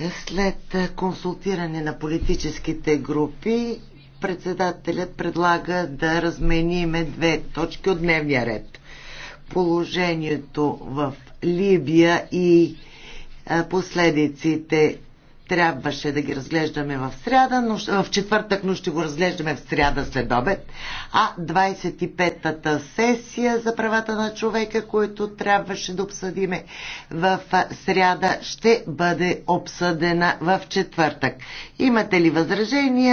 Е, след е, консултиране на политическите групи, председателят предлага да размениме две точки от дневния ред. Положението в Либия и е, последиците трябваше да ги разглеждаме в сряда, но в четвъртък, но ще го разглеждаме в сряда след обед. А 25-та сесия за правата на човека, която трябваше да обсъдиме в сряда, ще бъде обсъдена в четвъртък. Имате ли възражения?